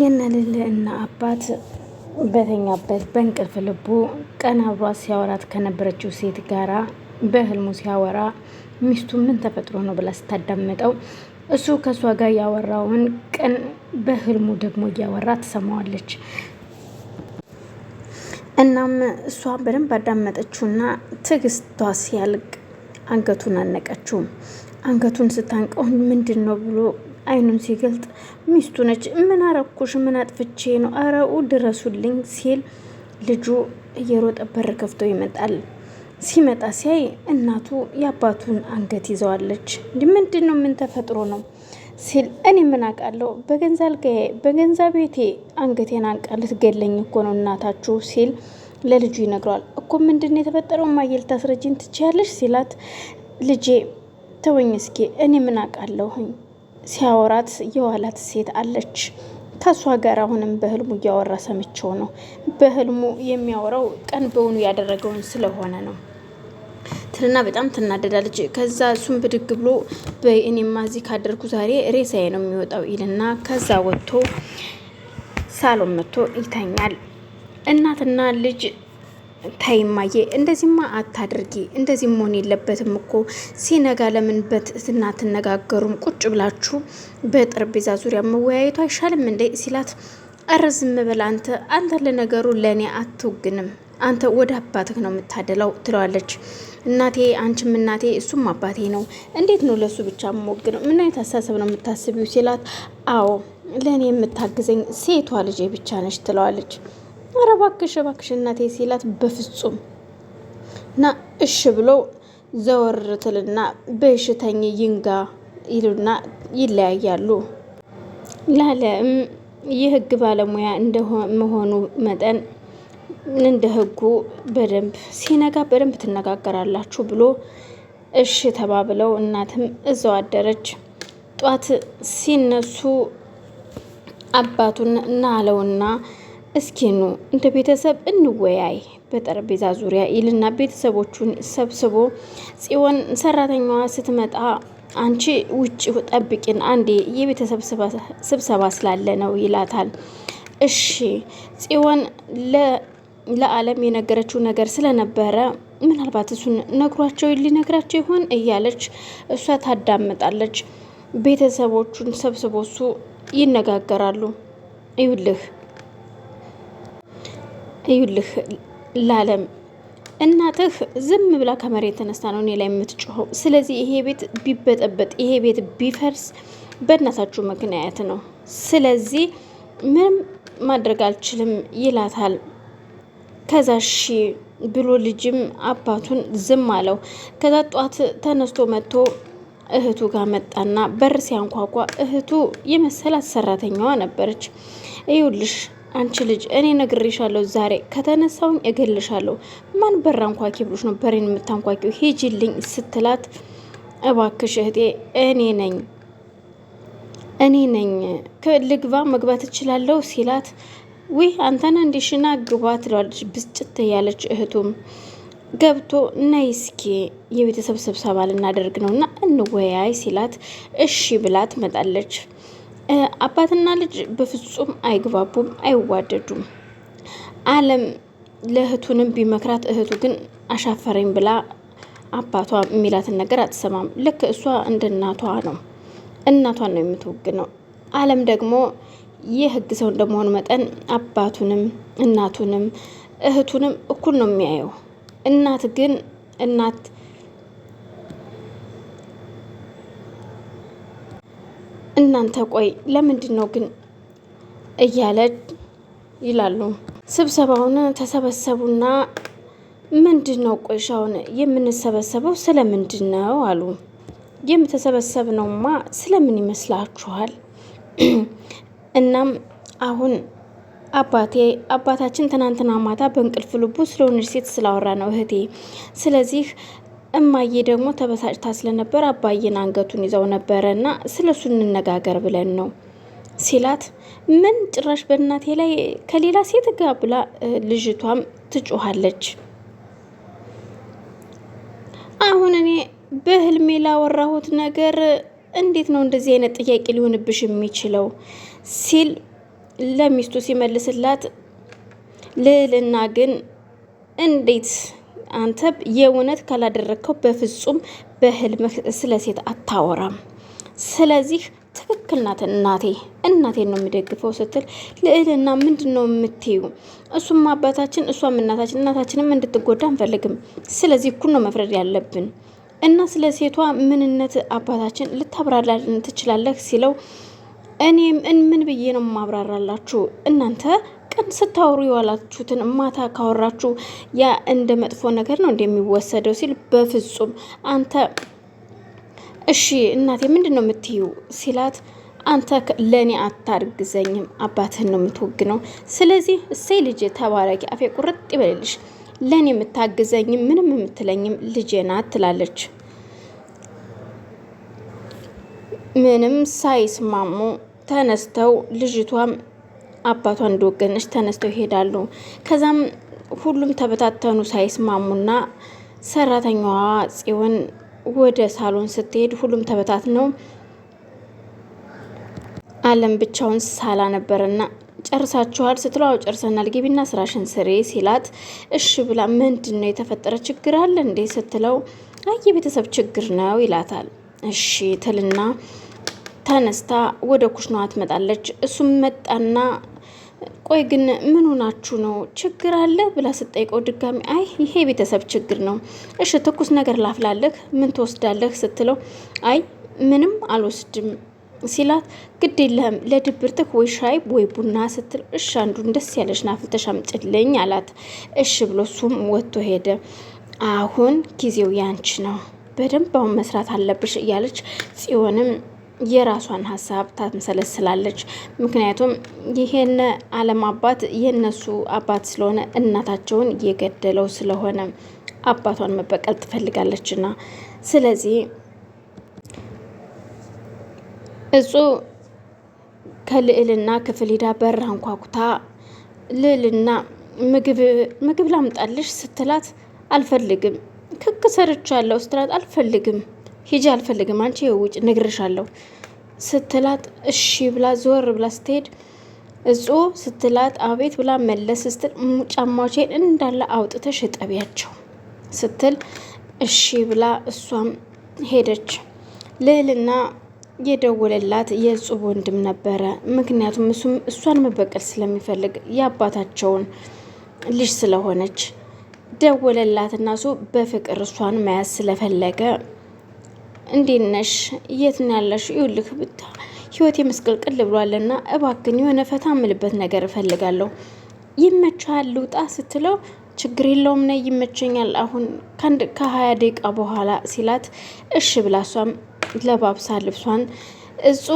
የነልል እና አባት በተኛበት በእንቅልፍ ልቡ ቀን አብሯ ሲያወራት ከነበረችው ሴት ጋራ በህልሙ ሲያወራ ሚስቱ ምን ተፈጥሮ ነው ብላ ስታዳምጠው እሱ ከእሷ ጋር ያወራውን ቀን በህልሙ ደግሞ እያወራ ትሰማዋለች። እናም እሷ በደንብ አዳመጠችውና ትዕግስቷ ሲያልቅ አንገቱን አነቀችው። አንገቱን ስታንቀው ምንድን ነው ብሎ አይኑን ሲገልጥ ሚስቱ ነች። ምን አረኩሽ? ምን አጥፍቼ ነው? አረው ድረሱልኝ ሲል ልጁ እየሮጠ በር ከፍቶ ይመጣል። ሲመጣ ሲያይ እናቱ የአባቱን አንገት ይዘዋለች። ምንድን ነው? ምን ተፈጥሮ ነው ሲል እኔ ምን አውቃለሁ፣ በገንዛ አልጋዬ በገንዛ ቤቴ አንገቴን አንቃ ልትገለኝ እኮ ነው እናታችሁ ሲል ለልጁ ይነግረዋል። እኮ ምንድን ነው የተፈጠረው? ማየል ታስረጅኝ ትችያለሽ ሲላት ልጄ ተወኝ እስኪ እኔ ምን አውቃለሁኝ ሲያወራት የዋላት ሴት አለች። ከእሷ ጋር አሁንም በህልሙ እያወራ ሰምቼው ነው። በህልሙ የሚያወራው ቀን በውኑ ያደረገውን ስለሆነ ነው ትልና በጣም ትናደዳለች። ከዛ እሱም ብድግ ብሎ በይ እኔማ እዚህ ካደርኩ ዛሬ ሬሳዬ ነው የሚወጣው ይልና ከዛ ወጥቶ ሳሎን መጥቶ ይተኛል። እናትና ልጅ ተይማዬ እንደዚህማ አታድርጊ፣ እንደዚህ መሆን የለበትም እኮ ሲነጋ ለምን በትህትና ቁጭ ብላችሁ በጠረጴዛ ዙሪያ መወያየቱ አይሻልም እንዴ ሲላት እረ ዝም በል አንተ አንተ ለነገሩ ለእኔ አትወግንም አንተ ወደ አባትህ ነው የምታደላው ትለዋለች እናቴ አንቺም እናቴ እሱም አባቴ ነው እንዴት ነው ለሱ ብቻ የምወግነው ምን አይነት አሳሰብ ነው የምታስቢው ሲላት አዎ ለእኔ የምታግዘኝ ሴቷ ልጄ ብቻ ነች ትለዋለች ኧረ እባክሽ እባክሽ እናቴ ሲላት በፍጹም ና እሽ ብሎ ዘወር ትልና በሽተኝ ይንጋ ይሉና ይለያያሉ። ላለም የህግ ባለሙያ እንደመሆኑ መጠን እንደ ህጉ በደንብ ሲነጋ በደንብ ትነጋገራላችሁ ብሎ እሽ ተባብለው እናትም እዛው አደረች። ጧት ሲነሱ አባቱን ናለውና እስኪ ኑ እንደ ቤተሰብ እንወያይ በጠረጴዛ ዙሪያ ይልና ቤተሰቦቹን ሰብስቦ ጽዮን ሰራተኛዋ ስትመጣ አንቺ ውጭ ጠብቂን አንዴ የቤተሰብ ስብሰባ ስላለ ነው ይላታል። እሺ ጽዮን ለአለም የነገረችው ነገር ስለነበረ ምናልባት እሱን ነግሯቸው ሊነግራቸው ይሆን እያለች እሷ ታዳምጣለች። ቤተሰቦቹን ሰብስቦ እሱ ይነጋገራሉ። ይውልህ እዩልህ ላለም እናትህ ዝም ብላ ከመሬት ተነስታ ነው እኔ ላይ የምትጮኸው። ስለዚህ ይሄ ቤት ቢበጠበጥ ይሄ ቤት ቢፈርስ በእናታችሁ ምክንያት ነው። ስለዚህ ምንም ማድረግ አልችልም ይላታል። ከዛ እሺ ብሎ ልጅም አባቱን ዝም አለው። ከዛ ጧት ተነስቶ መጥቶ እህቱ ጋር መጣና በር ሲያንኳኳ እህቱ የመሰላት ሰራተኛዋ ነበረች። እዩልሽ አንቺ ልጅ እኔ ነግሬሻለሁ፣ ዛሬ ከተነሳውኝ እገልሻለሁ። ማን በራ አንኳኪ ብሎሽ ነው በሬን የምታንኳኪው? ሂጂልኝ ስትላት እባክሽ እህቴ እኔ ነኝ እኔ ነኝ ከልግባ መግባት እችላለሁ ሲላት ዊ አንተን እንዲሽና ግባ ትለዋለች ብስጭት ያለች እህቱም ገብቶ ነይ እስኪ የቤተሰብ ስብሰባ ልናደርግ ነው እና እንወያይ ሲላት እሺ ብላ ትመጣለች። አባትና ልጅ በፍጹም አይግባቡም፣ አይዋደዱም። አለም ለእህቱንም ቢመክራት እህቱ ግን አሻፈረኝ ብላ አባቷ የሚላትን ነገር አትሰማም። ልክ እሷ እንደ እናቷ ነው፣ እናቷን ነው የምትወግነው። አለም ደግሞ ህግ ሰው እንደመሆኑ መጠን አባቱንም እናቱንም እህቱንም እኩል ነው የሚያየው። እናት ግን እናት እናንተ ቆይ ለምንድን ነው ግን እያለ ይላሉ። ስብሰባውን ተሰበሰቡና ምንድን ነው ቆሻውን የምንሰበሰበው ስለምንድን ነው አሉ። የምተሰበሰብ ነውማ ስለምን ይመስላችኋል? እናም አሁን አባቴ አባታችን ትናንትና ማታ በእንቅልፍ ልቡ ስለሆነች ሴት ስላወራ ነው እህቴ። ስለዚህ እማዬ ደግሞ ተበሳጭታ ስለነበር አባዬን አንገቱን ይዘው ነበረ እና ስለ እሱ እንነጋገር ብለን ነው ሲላት፣ ምን ጭራሽ በእናቴ ላይ ከሌላ ሴት ጋር ብላ ልጅቷም ትጮኋለች። አሁን እኔ በህልሜ ላወራሁት ነገር እንዴት ነው እንደዚህ አይነት ጥያቄ ሊሆንብሽ የሚችለው ሲል ለሚስቱ ሲመልስላት ልዕልና ግን እንዴት አንተ የእውነት ካላደረግከው በፍጹም በህልም ስለ ሴት አታወራም። ስለዚህ ትክክል ናት እናቴ፣ እናቴን ነው የሚደግፈው ስትል ልዕልና ምንድን ነው የምትዩ? እሱም አባታችን፣ እሷም እናታችን፣ እናታችንም እንድትጎዳ አንፈልግም። ስለዚህ እኩል ነው መፍረድ ያለብን እና ስለ ሴቷ ምንነት አባታችን ልታብራራልን ትችላለህ? ሲለው እኔም ምን ብዬ ነው ማብራራላችሁ እናንተ ቀን ስታወሩ የዋላችሁትን ማታ ካወራችሁ ያ እንደ መጥፎ ነገር ነው እንደሚወሰደው ሲል በፍጹም አንተ እሺ እናቴ ምንድን ነው የምትይው ሲላት አንተ ለእኔ አታርግዘኝም አባትህን ነው የምትወግነው ስለዚህ እሰይ ልጅ ተባረኪ አፌ ቁርጥ ይበልልሽ ለእኔ የምታግዘኝም ምንም የምትለኝም ልጄ ናት ትላለች ምንም ሳይስማሙ ተነስተው ልጅቷም አባቷ እንደወገነች ተነስተው ይሄዳሉ። ከዛም ሁሉም ተበታተኑ ሳይስማሙና ሰራተኛዋ ጽዮን ወደ ሳሎን ስትሄድ ሁሉም ነው አለም ብቻውን ሳላ ነበርና ጨርሳችኋል ስትለው ጨርሰናል፣ ግቢና ስራሽን ስሬ ሲላት እሺ ብላ ምንድን ነው የተፈጠረ ችግር አለ እንዴ ስትለው አይ የቤተሰብ ችግር ነው ይላታል። እሺ ትልና ተነስታ ወደ ኩሽናዋ ትመጣለች። እሱም መጣና ቆይ ግን ምኑ ናችሁ ነው ችግር አለ ብላ ስጠይቀው ድጋሚ አይ ይሄ የቤተሰብ ችግር ነው። እሺ ትኩስ ነገር ላፍላለህ፣ ምን ትወስዳለህ ስትለው አይ ምንም አልወስድም ሲላት ግድ የለህም ለድብርትህ ወይ ሻይ ወይ ቡና ስትል እሺ አንዱን ደስ ያለሽ ናፍልተሽ አምጪልኝ አላት። እሺ ብሎ እሱም ወጥቶ ሄደ። አሁን ጊዜው ያንቺ ነው፣ በደንብ አሁን መስራት አለብሽ እያለች ጽዮንም የራሷን ሀሳብ ታመሰለስላለች። ምክንያቱም ይሄን አለም አባት የነሱ አባት ስለሆነ እናታቸውን የገደለው ስለሆነ አባቷን መበቀል ትፈልጋለች እና ስለዚህ እጹ ከልዕልና ክፍል ሂዳ በር አንኳኩታ ልዕልና ምግብ ላምጣልሽ ስትላት አልፈልግም ክክ ሰርቻለሁ ስትላት አልፈልግም ሂጂ አልፈልግም፣ አንቺ ውጭ ነግርሻለሁ ስትላት እሺ ብላ ዞር ብላ ስትሄድ እጹ ስትላት አቤት ብላ መለስ ስትል ጫማዎቼን እንዳለ አውጥተሽ እጠቢያቸው ስትል እሺ ብላ እሷም ሄደች። ልዕልና የደወለላት የጹ ወንድም ነበረ። ምክንያቱም እሱም እሷን መበቀል ስለሚፈልግ የአባታቸውን ልጅ ስለሆነች ደወለላትና እሱ በፍቅር እሷን መያዝ ስለፈለገ እንዴት ነሽ? የት ነው ያለሽ? ይኸውልህ ብታ ህይወቴ ምስቅልቅል ብሏልና እባክን የሆነ ፈታ ምልበት ነገር እፈልጋለሁ። ይመቻል ልውጣ ስትለው ችግር የለውም ነይ ይመቸኛል፣ አሁን ከሀያ ደቂቃ በኋላ ሲላት እሺ ብላ እሷም ለባብሳ ልብሷን እጹ